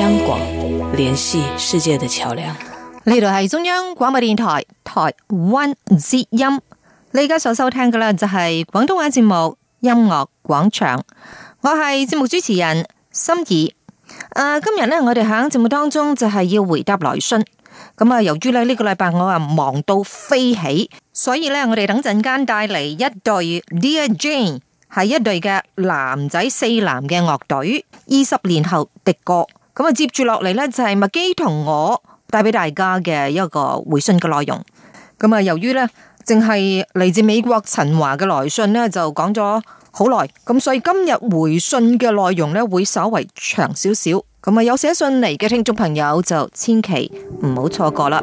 央廣，聯繫世界的橋樑，呢度係中央廣播電台台灣之音，你而家所收聽嘅咧就係廣東話節目音樂廣場，我係節目主持人心儀、啊。今日咧我哋喺節目當中就係要回答來信，咁、嗯、啊，由於咧呢、呢個禮拜我啊忙到飛起，所以咧我哋等陣間帶嚟一隊 Dear Jane 係一隊嘅男仔四男嘅樂隊，二十年後的歌。咁啊，接住落嚟呢，就係麥基同我帶俾大家嘅一個回信嘅內容。咁啊，由於呢，淨係嚟自美國陳華嘅來信呢，就講咗好耐，咁所以今日回信嘅內容呢，會稍為長少少。咁啊，有寫信嚟嘅聽眾朋友就千祈唔好錯過啦。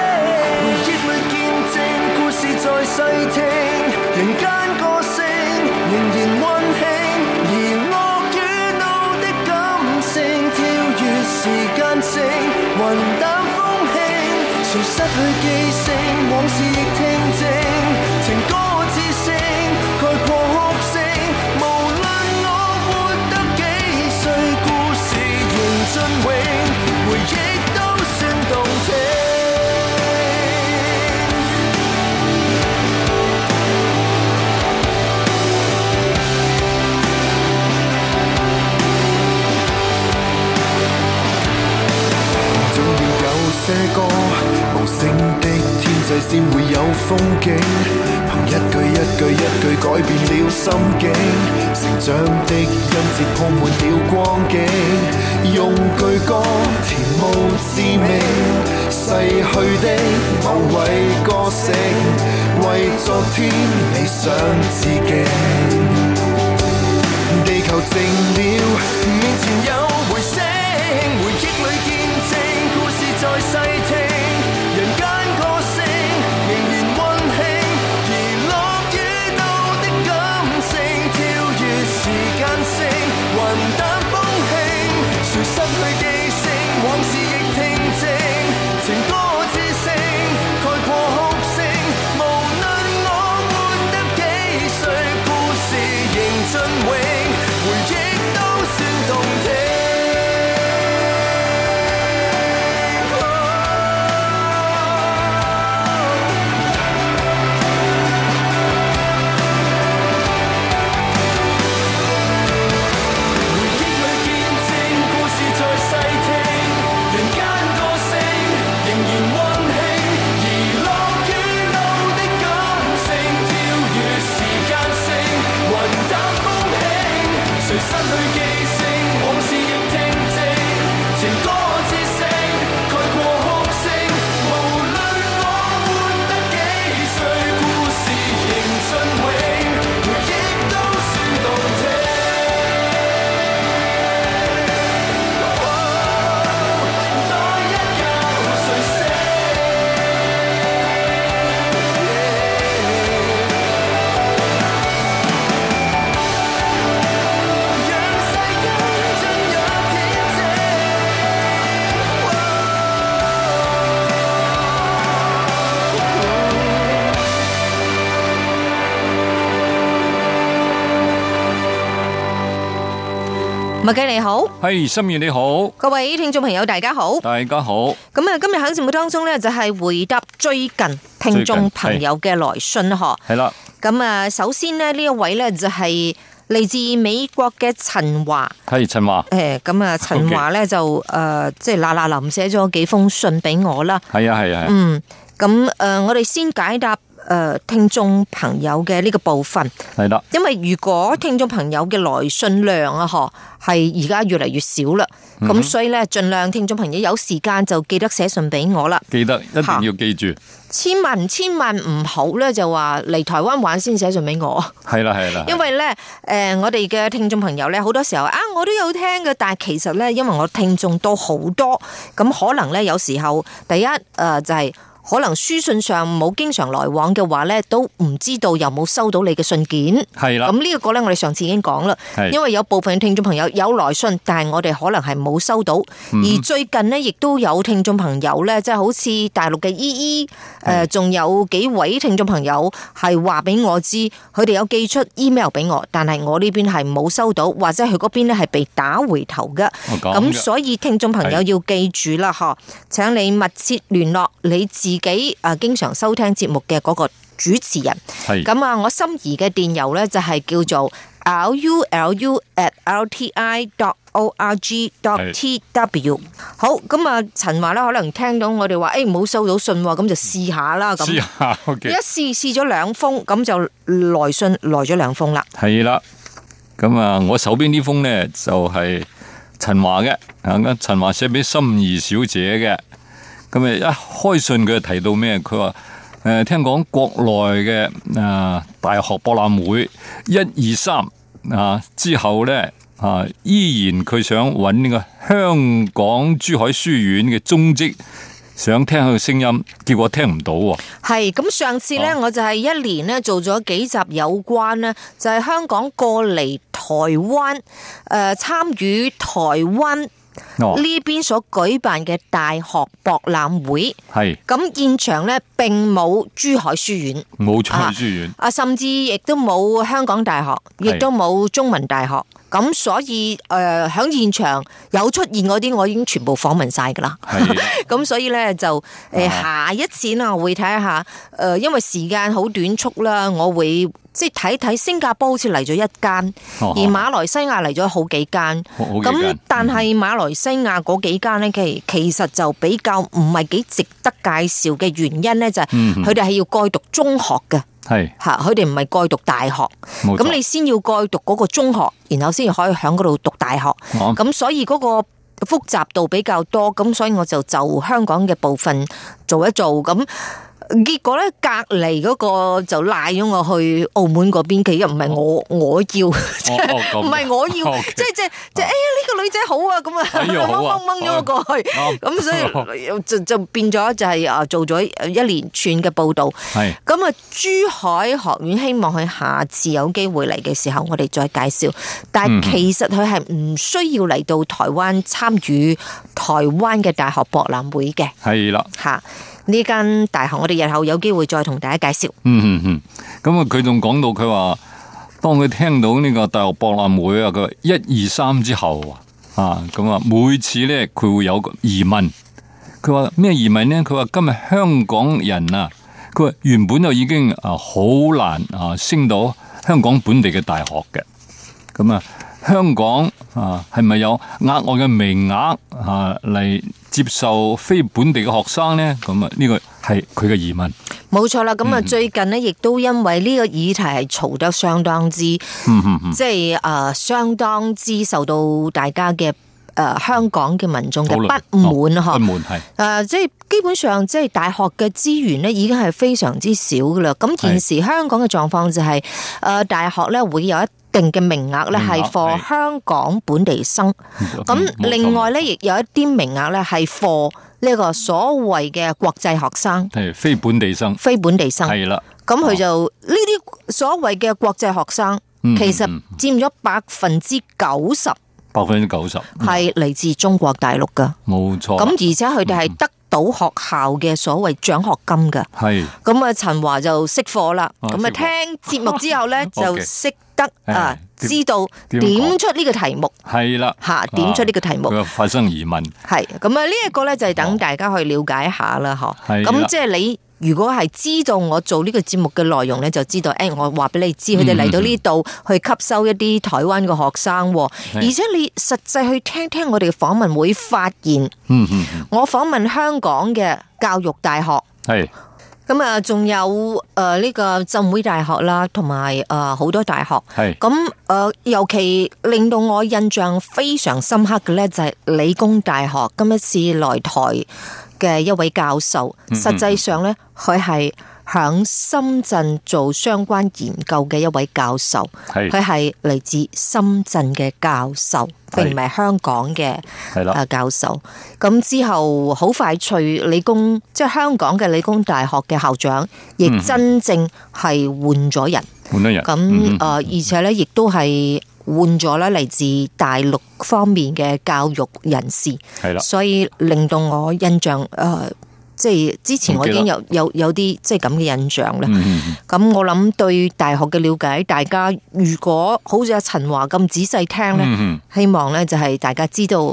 細聽人間歌聲，仍然溫馨。而樂與怒的感情，跳越時間性，雲淡風輕。誰失去記性，往事亦聽證。才先會有風景，憑一句一句一句改變了心境，成長的音節鋪滿了光景，用句歌填滿滋味，逝去的無謂歌星，為昨天理想致敬。各、okay，位你好，係、hey，心你好，各位聽眾朋友大家好，大家好。咁啊，今日喺節目當中呢，就係、是、回答最近聽眾朋友嘅來信呵。係啦。咁啊，首先呢，呢一位呢，就係、是、嚟自美國嘅陳華，係陳華。誒，咁、欸、啊，陳華咧就誒、呃，即係嗱嗱臨寫咗幾封信俾我啦。係啊係啊，係啊。嗯。咁誒、呃，我哋先解答。誒、呃，聽眾朋友嘅呢個部分係啦，因為如果聽眾朋友嘅來信量啊，嗬，係而家越嚟越少啦，咁、嗯、所以咧，盡量聽眾朋友有時間就記得寫信俾我啦，記得一定要記住，千萬千萬唔好咧，就話嚟台灣玩先寫信俾我，係啦，係啦，因為咧，誒、呃，我哋嘅聽眾朋友咧，好多時候啊，我都有聽嘅，但係其實咧，因為我聽眾都好多，咁可能咧，有時候第一，誒、呃，就係、是。可能書信上冇經常來往嘅話咧，都唔知道有冇收到你嘅信件。係啦，咁呢個咧，我哋上次已經講啦。係，因為有部分聽眾朋友有來信，但係我哋可能係冇收到，嗯。而最近咧，亦都有聽眾朋友咧，即係好似大陸嘅姨姨誒，仲，呃，有幾位聽眾朋友係話俾我知，佢哋有寄出 email 俾我，但係我呢邊係冇收到，或者佢嗰邊咧係被打回頭嘅。咁所以聽眾朋友要記住啦，嗬，請你密切聯絡，你自。幾啊經常收聽節目嘅嗰個主持人係咁啊！我心儀嘅電郵咧就係叫做 lulu@lti.org.tw。好，咁啊，陳華啦，可能聽到我哋話誒冇收到信，咁就試下啦。試下嘅，一試試咗兩封，咁就來信來咗兩封啦。係啦，咁啊，我手邊呢封咧就係陳華嘅啊，陳華寫俾心儀小姐嘅。咁咪一開信佢就提到咩？佢話誒聽講國內嘅啊大學博覽會一二三啊之後咧啊依然佢想搵呢個香港珠海書院嘅蹤跡，想聽佢個聲音，結果聽唔到喎、啊。係咁上次咧、啊，我就係一年咧做咗幾集有關呢就係、是、香港過嚟台灣誒、呃、參與台灣。呢、哦、邊所舉辦嘅大學博覽會，係咁現場咧，並冇珠海書院，冇珠海書院，啊，甚至亦都冇香港大學，亦都冇中文大學。咁所以誒，喺、呃、現場有出現嗰啲，我已經全部訪問晒㗎啦。咁 所以咧就、呃啊、下一次啊，我會睇下誒、呃，因為時間好短促啦，我會即係睇睇新加坡好似嚟咗一間、啊，而馬來西亞嚟咗好幾間。哦、啊。咁但係馬來西亞嗰幾間咧，其、嗯、其實就比較唔係幾值得介紹嘅原因咧，就係佢哋係要該讀中學嘅。嗯嗯嗯係吓，佢哋唔係蓋讀大學，咁你先要蓋讀嗰個中學，然後先可以喺嗰度讀大學。咁、哦、所以嗰個複雜度比較多，咁所以我就就香港嘅部分做一做咁。結果咧，隔籬嗰個就賴咗我去澳門嗰邊嘅，又唔係我、哦、我要，唔、哦、係、 哦哦哦、我要，即係即係即係，哎呀呢、呢個女仔好啊，咁、哎、 啊掹咗我咗過去，咁、哦、 所以就就變咗就係啊做咗一連串嘅報道。係咁啊，珠海學院希望佢下次有機會嚟嘅時候，我哋再介紹。但係其實佢係唔需要嚟到台灣參與台灣嘅大學博覽會嘅。係啦、吓、啊。呢間大學，我哋日後有機會再同大家介紹。嗯嗯嗯，咁、嗯、啊，佢仲講到佢話，當佢聽到呢個大學博覽會啊，佢話一二三之後啊，咁啊，每次咧佢會有個疑問，佢話咩疑問咧？佢話今日香港人啊，佢話原本就已經啊好難啊升到香港本地嘅大學嘅，咁啊香港。啊，係咪有額外嘅名額啊嚟接受非本地嘅學生呢？咁啊，呢個係佢嘅疑問。冇錯啦，咁啊最近呢亦都因為呢個議題係嘈得相當之，即、嗯、係、就是、啊，相當之受到大家嘅。誒、呃，香港嘅民眾嘅不滿嗬，不滿係，誒、哦，即係、呃、基本上，即係大學嘅資源咧，已經係非常之少噶啦。咁現時香港嘅狀況就係、是，誒、呃，大學咧會有一定嘅名額咧，係 for 香港本地生。咁、嗯、另外咧，亦有一啲名額咧係 for 呢個所謂嘅國際學生，係非本地生，非本地生，係啦。咁佢就呢啲、哦、所謂嘅國際學生，嗯、其實佔咗百分之九十。百分之九十係嚟自中國大陸噶，冇錯。咁、嗯、而且佢哋係得到學校嘅所謂獎學金噶，係。咁啊，陳華就識貨啦。咁啊，聽節目之後咧、啊，就識得啊，知道點、哎啊、出呢個題目。係啦，吓點出呢個題目。佢發生疑問。係。咁、嗯、啊，呢、這、一個咧就係等大家去了解一下啦，嗬。係。咁即係你。如果係知道我做呢個節目嘅內容呢，就知道誒、欸，我話俾你知，佢哋嚟到呢度去吸收一啲台灣嘅學生，mm -hmm. 而且你實際去聽聽我哋嘅訪問會發現，嗯嗯，我訪問香港嘅教育大學，係、mm -hmm.，咁啊，仲有誒呢個浸會大學啦，同埋誒好多大學，咁、mm -hmm. 呃、尤其令到我印象非常深刻嘅呢，就係、是、理工大學今一次來台嘅一位教授，實際上咧，佢係響深圳做相關研究嘅一位教授，係佢係嚟自深圳嘅教授，是並唔係香港嘅係啦。教授咁之後，好快脆，理工即係、就是、香港嘅理工大學嘅校長，亦真正係換咗人，換、嗯、咗人。咁、嗯、誒、嗯，而且咧，亦都係。換咗啦，嚟自大陸方面嘅教育人士，係啦，所以令到我印象誒，即、呃、係、就是、之前我已經有有有啲即係咁嘅印象啦。咁、嗯、我諗對大學嘅了解，大家如果好似阿陳華咁仔細聽咧、嗯，希望咧就係大家知道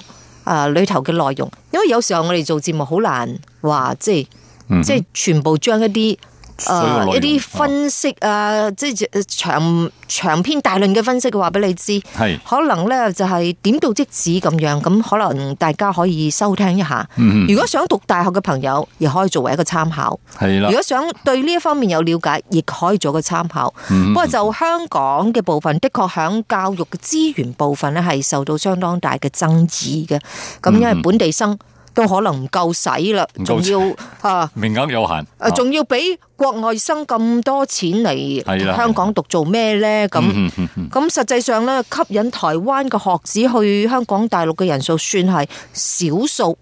啊、呃、裏頭嘅內容，因為有時候我哋做節目好難話即係即係全部將一啲。誒，一、呃、啲分析啊，即、呃、係長長篇大論嘅分析，嘅話俾你知，係可能咧就係點到即止咁樣，咁可能大家可以收聽一下。嗯、如果想讀大學嘅朋友，亦可以作為一個參考。係啦，如果想對呢一方面有了解，亦可以做個參考、嗯。不過就香港嘅部分，的確響教育嘅資源部分咧，係受到相當大嘅爭議嘅。咁因為本地生都可能唔夠使啦，仲要吓名額有限，誒、啊，仲要俾。國外生咁多錢嚟香港讀做咩呢？咁咁、嗯、實際上咧，吸引台灣嘅學子去香港大陸的、大陸嘅人數算係少數。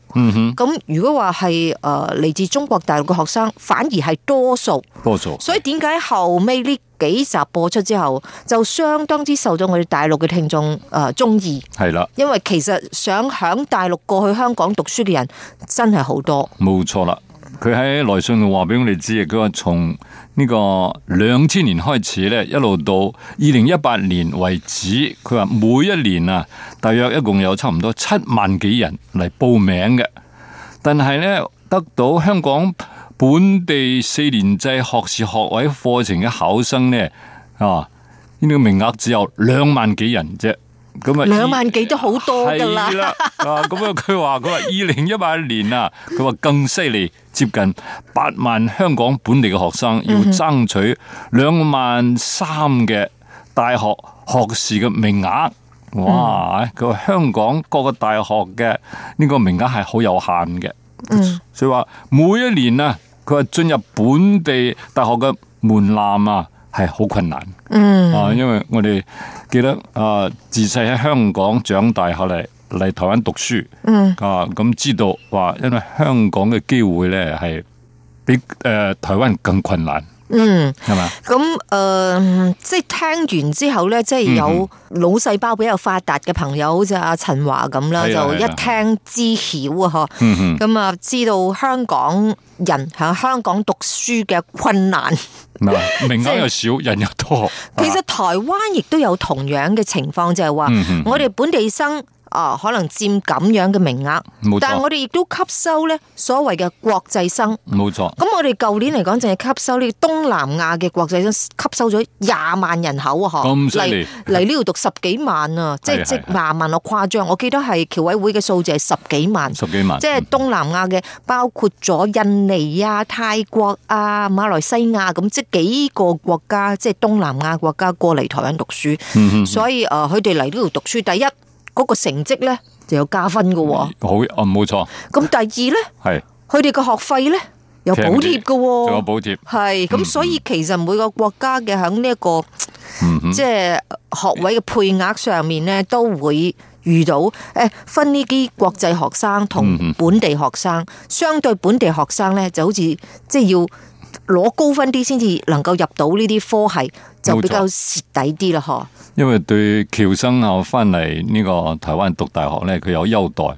咁如果話係誒嚟自中國大陸嘅學生，反而係多數。多數。所以點解後尾呢幾集播出之後，就相當之受到我哋大陸嘅聽眾誒鍾意。係、呃、啦。因為其實想響大陸過去香港讀書嘅人，真係好多。冇錯啦。佢喺來信度話俾我哋知，佢話從呢個兩千年開始咧，一路到二零一八年為止，佢話每一年啊，大約一共有差唔多七萬幾人嚟報名嘅，但係咧，得到香港本地四年制學士學位課程嘅考生咧，啊呢個名額只有兩萬幾人啫。兩萬幾都好多噶啦， 咁啊佢話，佢話二零一八年啊，佢話更犀利，接近八萬香港本地嘅學生要爭取兩萬三嘅大學學士嘅名額，哇！佢、嗯、話香港各個大學嘅呢個名額係好有限嘅，嗯、所以話每一年啊，佢話進入本地大學嘅門檻啊。係好困難，嗯，啊，因為我哋記得啊，自細喺香港長大，後來嚟台灣讀書，嗯、啊，咁知道話，因為香港嘅機會咧係比誒、呃、台灣更困難。嗯，係咪？咁誒、呃，即係聽完之後咧，即係有腦細胞比較發達嘅朋友，好似阿陳華咁啦，就一聽知曉啊！嗬，咁啊、嗯，知道香港人喺香港讀書嘅困難，名額又少，人又多。其實台灣亦都有同樣嘅情況，就係、是、話、嗯、我哋本地生。啊，可能佔咁樣嘅名額，但係我哋亦都吸收咧所謂嘅國際生，冇錯。咁我哋舊年嚟講，淨係吸收呢東南亞嘅國際生，吸收咗廿萬人口啊，吓嚟嚟呢度讀十幾萬啊，即係即係廿萬我誇張，我記得係僑委會嘅數字係十幾萬，十幾萬，即係東南亞嘅，包括咗印尼啊、泰國啊、馬來西亞咁，即係幾個國家，即係東南亞國家過嚟台灣讀書，所以啊，佢哋嚟呢度讀書，第一。嗰、那個成績咧就有加分㗎喎，好啊冇錯。咁第二咧，係佢哋個學費咧有補貼㗎，仲有補貼。係咁，所以其實每個國家嘅喺呢一個，即、嗯、係、就是、學位嘅配額上面咧、嗯，都會遇到誒、哎，分呢啲國際學生同本地學生、嗯，相對本地學生咧就好似即係要。攞高分啲先至能夠入到呢啲科系，就比較蝕底啲啦，嗬。因為對僑生啊，翻嚟呢個台灣讀大學咧，佢有優待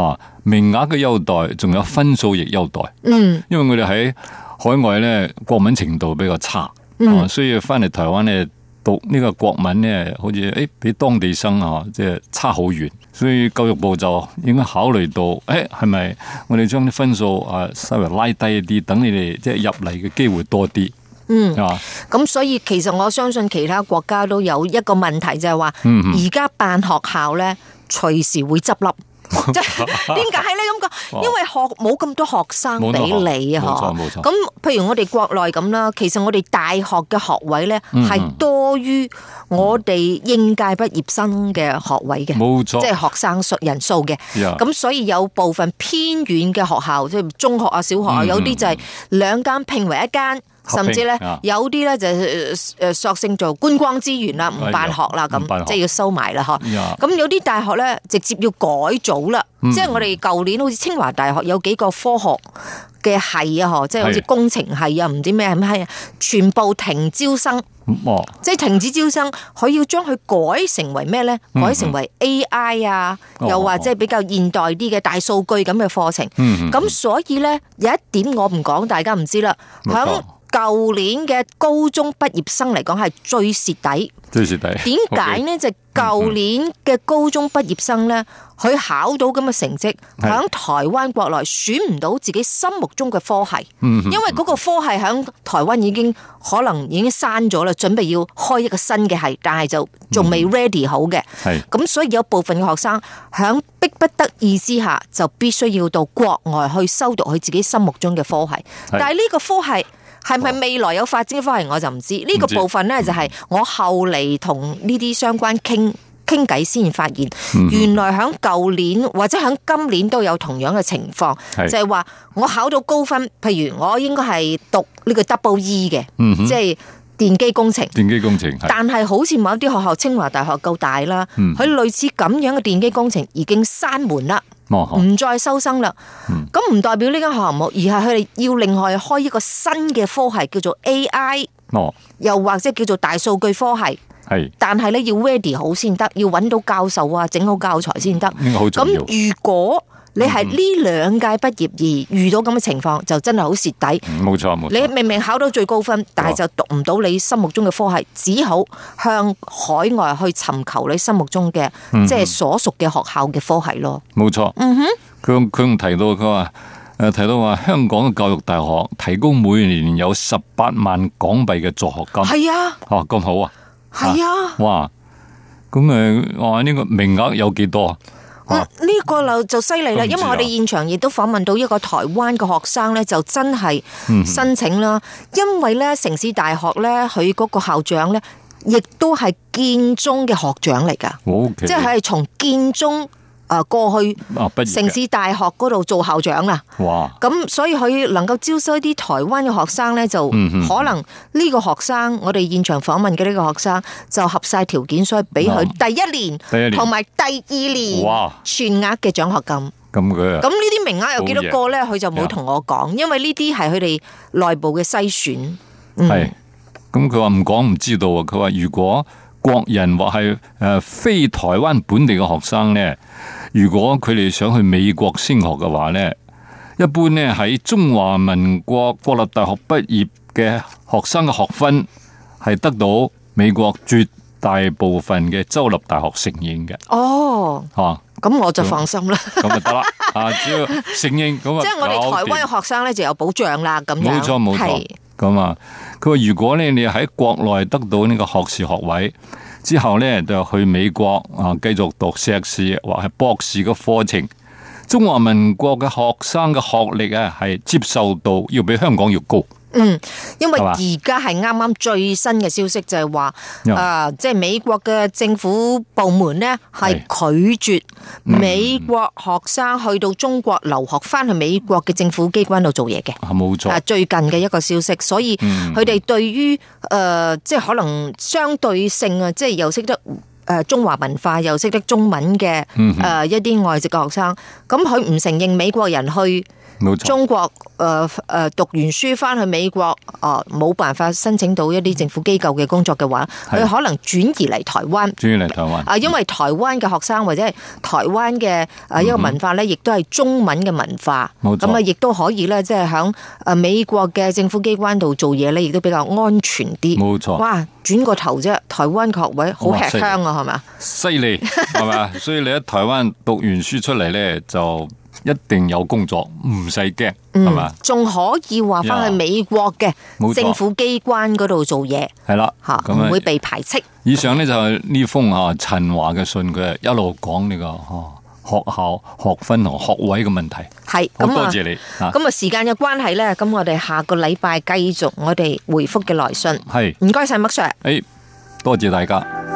啊，名額嘅優待，仲有分數亦優待。嗯，因為我哋喺海外咧，國文程度比較差，啊，所以翻嚟台灣咧。讀呢個國文咧，好似誒，比當地生啊，即係差好遠。所以教育部就應該考慮到，誒，係咪我哋將啲分數啊，稍微拉低一啲，等你哋即係入嚟嘅機會多啲？嗯，係嘛？咁、嗯、所以其實我相信其他國家都有一個問題，就係、是、話，而、嗯、家辦學校咧，隨時會執笠。即係點解你咁講？因為學冇咁多學生俾你啊，嗬？冇錯冇錯。咁譬如我哋國內咁啦，其實我哋大學嘅學位咧係、嗯、多。多於我哋應屆畢業生嘅學位嘅，冇錯，即係學生數人數嘅。咁、yeah. 所以有部分偏遠嘅學校，即係中學啊、小學啊，mm -hmm. 有啲就係兩間拼為一間。甚至咧，有啲咧就誒索性做觀光資源啦，唔、哎、辦學啦，咁即係要收埋啦，咁、哎、有啲大學咧，直接要改組啦，即、嗯、係、就是、我哋舊年好似清華大學有幾個科學嘅系啊，嗬、嗯，即、就、係、是、好似工程系啊，唔知咩系咩啊，全部停招生，即、哦、係、就是、停止招生，佢要將佢改成為咩咧？改成為 AI 啊，嗯、又或者係比較現代啲嘅大數據咁嘅課程。咁、嗯嗯、所以咧，有一點我唔講，大家唔知啦。響舊年嘅高中畢業生嚟講係最蝕底，最蝕底。點解呢？Okay. 就舊年嘅高中畢業生呢，佢、mm -hmm. 考到咁嘅成績，喺台灣國內選唔到自己心目中嘅科系，mm -hmm. 因為嗰個科系喺台灣已經可能已經刪咗啦，準備要開一個新嘅系，但係就仲未 ready 好嘅。係咁，所以有部分嘅學生響逼不得已之下，就必須要到國外去修讀佢自己心目中嘅科系，mm -hmm. 但係呢個科系。係咪未來有發展嘅方向，我就唔知呢、呢個部分咧，就係我後嚟同呢啲相關傾傾偈先發現，嗯、原來喺舊年或者喺今年都有同樣嘅情況，是就係、是、話我考到高分，譬如我應該係讀呢個 double E 嘅，即、嗯、係。就是電機工程，電機工程，是但係好似某啲學校，清華大學夠大啦，佢、嗯、類似咁樣嘅電機工程已經閂門啦，唔、哦、再收生啦。咁、嗯、唔代表呢間學校冇，而係佢哋要另外開一個新嘅科系，叫做 AI，、哦、又或者叫做大數據科系。係，但係咧要 ready 好先得，要揾到教授啊，整好教材先得。咁如果？你係呢兩屆畢業而遇到咁嘅情況，就真係好蝕底。冇、嗯、錯，冇錯。你明明考到最高分，哦、但係就讀唔到你心目中嘅科系，只好向海外去尋求你心目中嘅即係所屬嘅學校嘅科系咯。冇錯。嗯哼。佢、嗯、佢、嗯、提到佢話，誒提到話香港嘅教育大學提供每年有十八萬港幣嘅助學金。係啊。哦咁好啊。係啊，啊。哇，咁誒，哇呢、這個名額有幾多？呢、啊，這個就犀利啦，因為我哋現場亦都訪問到一個台灣嘅學生咧，就真係申請啦、嗯，因為咧城市大學咧，佢嗰個校長咧，亦都係建中嘅學長嚟噶，即係佢係從建中。啊！過去城市大學嗰度做校長啦、啊，哇！咁所以佢能夠招收一啲台灣嘅學生咧，就可能呢個學生，嗯、我哋現場訪問嘅呢個學生就合晒條件，所以俾佢第,第,、啊啊、第一年、同埋第二年哇全額嘅獎學金。咁佢咁呢啲名額有幾多個咧？佢就冇同我講，因為呢啲係佢哋內部嘅篩選。係、嗯、咁，佢話唔講唔知道。佢話如果國人或係誒非台灣本地嘅學生咧。如果佢哋想去美國升學嘅話呢一般咧喺中華民國國立大學畢業嘅學生嘅學分係得到美國絕大部分嘅州立大學承認嘅。哦，吓、啊，咁我就放心啦。咁就得啦，啊， 只要承認咁啊，即係我哋台灣嘅學生呢就有保障啦。咁樣，冇錯冇錯，咁啊，佢話如果咧你喺國內得到呢個學士學位。之後呢，就去美國啊，繼續讀碩士或係博士嘅課程。中華民國嘅學生嘅學歷啊，係接受度要比香港要高。嗯，因為而家係啱啱最新嘅消息就係話，誒、呃，即係美國嘅政府部門咧係拒絕美國學生去到中國留學，翻去美國嘅政府機關度做嘢嘅，係、啊、冇錯。啊，最近嘅一個消息，所以佢哋對於誒、呃，即係可能相對性啊，即係又識得誒中華文化，又識得中文嘅誒、呃、一啲外籍嘅學生，咁佢唔承認美國人去。中國誒誒、呃、讀完書翻去美國哦，冇、呃、辦法申請到一啲政府機構嘅工作嘅話，佢可能轉移嚟台灣。轉移嚟台灣啊，因為台灣嘅學生、嗯、或者係台灣嘅誒一個文化咧，亦都係中文嘅文化。冇錯，咁、嗯、啊，亦都可以咧，即係響誒美國嘅政府機關度做嘢咧，亦都比較安全啲。冇錯，哇，轉個頭啫，台灣學位好吃香啊，係嘛係咪？犀利係咪？所以你喺台灣讀完書出嚟咧就。一定有工作，唔使驚，係、嗯、嘛？仲可以話翻去美國嘅政府機關嗰度做嘢，係啦吓，啊、唔會被排斥。以上呢就係呢封啊陳華嘅信，佢一路講呢個、啊、學校學分同學位嘅問題。係，好多謝你。咁啊，啊，時間嘅關係咧，咁我哋下個禮拜繼續我哋回覆嘅來信。係，唔該晒麥 sir。誒，多謝大家。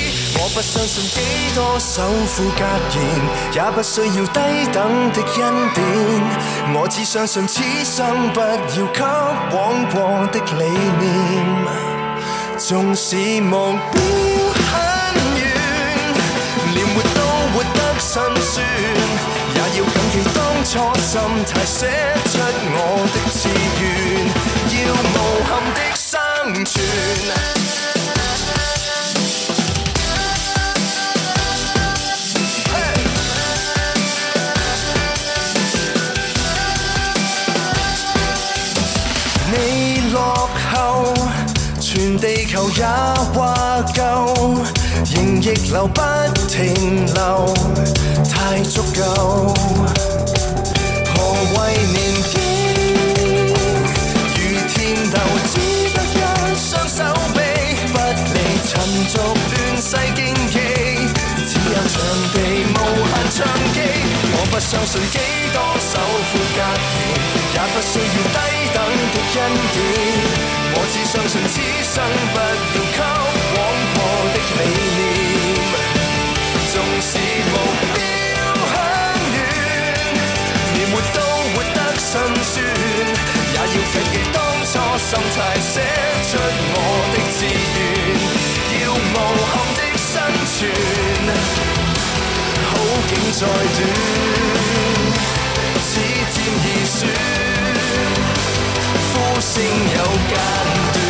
不相信幾多首富格言，也不需要低等的恩典。我只相信此生不要給枉過的理念。縱使目標很遠，連活都活得辛酸，也要謹記當初心態，寫出我的志願，要無憾的生存。地球也話夠，仍逆流不停留太足夠。心態寫出我的志願，要無憾的生存。好景再短，此戰而算。呼聲有間斷。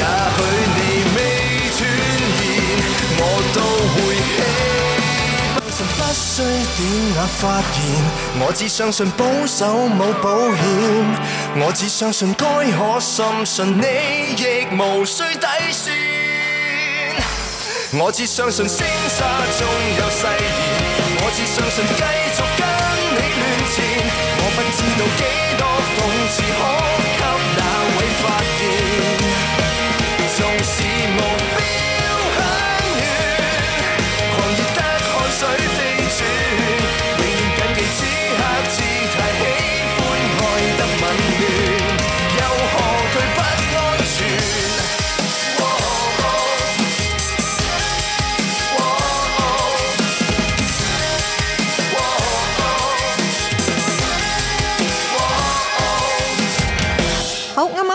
也許你未斷言，我都會欺騙。不需典雅發言，我只相信保守冇保險。我只相信該可深信，你亦無需抵算。我只相信星沙總有誓言，我只相信繼續跟你亂纏。我不知道幾多諷刺可給那位發現。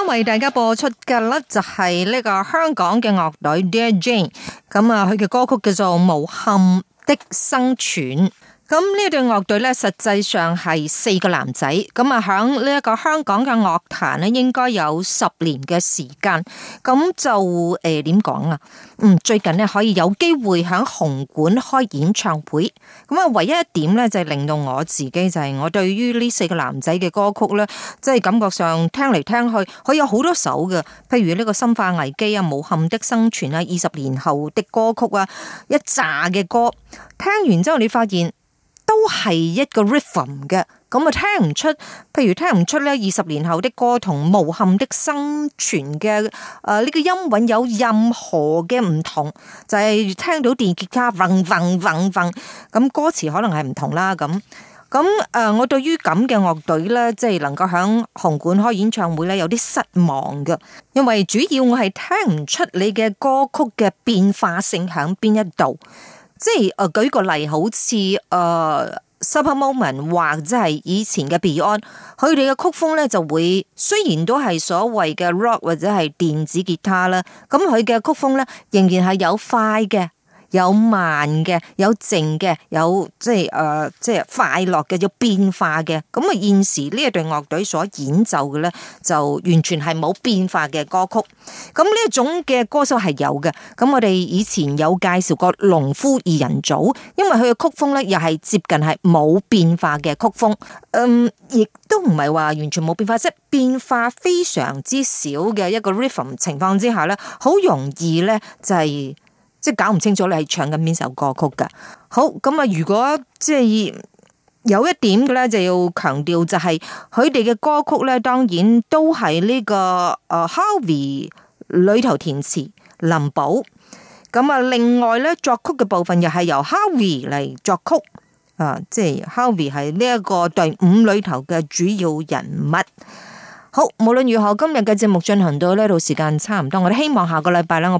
為大家播出嘅咧就係呢個香港嘅樂隊 Dear Jane，咁啊佢嘅歌曲叫做《無憾的生存》。咁呢對樂隊咧，實際上係四個男仔，咁啊響呢一個香港嘅樂壇咧，應該有十年嘅時間。咁就誒點講啊？嗯，最近呢，可以有機會響紅館開演唱會。咁啊，唯一一點咧就係、令到我自己就係、是、我對於呢四個男仔嘅歌曲咧，即、就、係、是、感覺上聽嚟聽去可以有好多首嘅，譬如呢、這個《生化危機》啊，《無憾的生存》啊，《二十年後的歌曲》啊，一紮嘅歌，聽完之後你發現。都係一個 rhythm 嘅，咁啊聽唔出，譬如聽唔出咧二十年後的歌同無憾的生存嘅，誒呢個音韻有任何嘅唔同，就係、是、聽到電吉他嗡嗡嗡嗡，咁、嗯嗯嗯嗯、歌詞可能係唔同啦，咁咁誒我對於咁嘅樂隊呢，即、就、係、是、能夠響紅館開演唱會呢，有啲失望嘅，因為主要我係聽唔出你嘅歌曲嘅變化性喺邊一度。即係誒、呃、舉個例，好似誒、呃、Supper Moment 或者係以前嘅 Beyond，佢哋嘅曲風咧就會，雖然都係所謂嘅 rock 或者係電子吉他啦，咁佢嘅曲風咧仍然係有快嘅。有慢嘅，有靜嘅，有即係誒，即係、呃、快樂嘅，有變化嘅。咁啊，現時呢隊樂隊所演奏嘅咧，就完全係冇變化嘅歌曲。咁呢一種嘅歌手係有嘅。咁我哋以前有介紹過農夫二人組，因為佢嘅曲風咧，又係接近係冇變化嘅曲風。嗯，亦都唔係話完全冇變化，即、就、係、是、變化非常之少嘅一個 rhythm 情況之下咧，好容易咧就係、是。即係搞唔清楚你係唱緊邊首歌曲噶。好，咁啊，如果即係有一點嘅咧，就要強調就係佢哋嘅歌曲咧，當然都係呢個誒 Howie 裏頭填詞林寶。咁啊，另外咧作曲嘅部分又係由 Howie 嚟作曲啊，即係 Howie 係呢一個隊伍裏頭嘅主要人物。好，無論如何，今日嘅節目進行到呢度，時間差唔多，我哋希望下個禮拜咧我。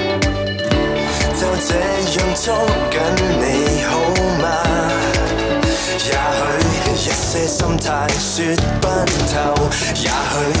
這樣捉緊你好嗎？也許一些心態說不透，也許。